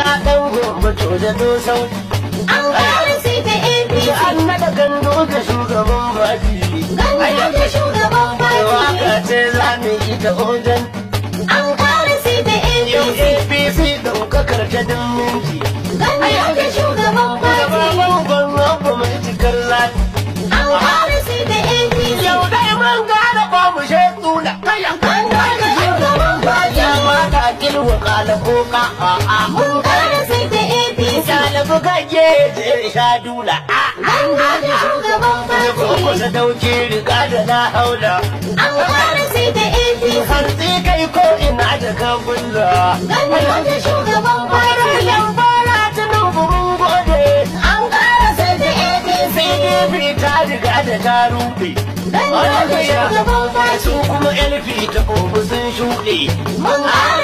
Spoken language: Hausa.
Allah ɗan gobe to da dosau. An kawo sai ta APC. Da an naɗa gando ta shugaban baki. Gando ta shugaban baki. Da waka ce za mu yi ta ojan. An kawo sai ta APC. Yau APC ɗaukakar karta dan minti. Gando ta shugaban baki. Da baban gwamna ba mai cikar lati. An kawo sai ta APC. Yau dai man gane ba mu shetu na kayan kan. An kawo sai ta APC. Yau ma ta kilwa kala ko ka'a. gage je sha dula a an gaji shugaban farko kusa dauke riga da na haula an fara sai da APC har sai kai ko ina da ka An ganin da shugaban farko yan fara ta nubu gode an kara sai da APC ne ta riga da ta rufe Ganin da shugaban farko su kuma LP ta kofi sun shuɗe mun